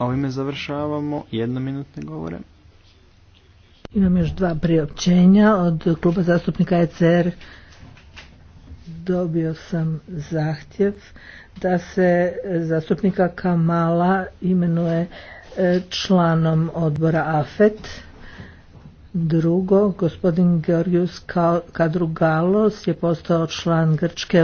Ovime završavamo jednominutne govore. Imam još dva priopćenja od kluba zastupnika ECR. Dobio sam zahtjev da se zastupnika Kamala imenuje e, članom odbora AFET. Drugo, gospodin Georgijus Kadrugalos je postao član Grčke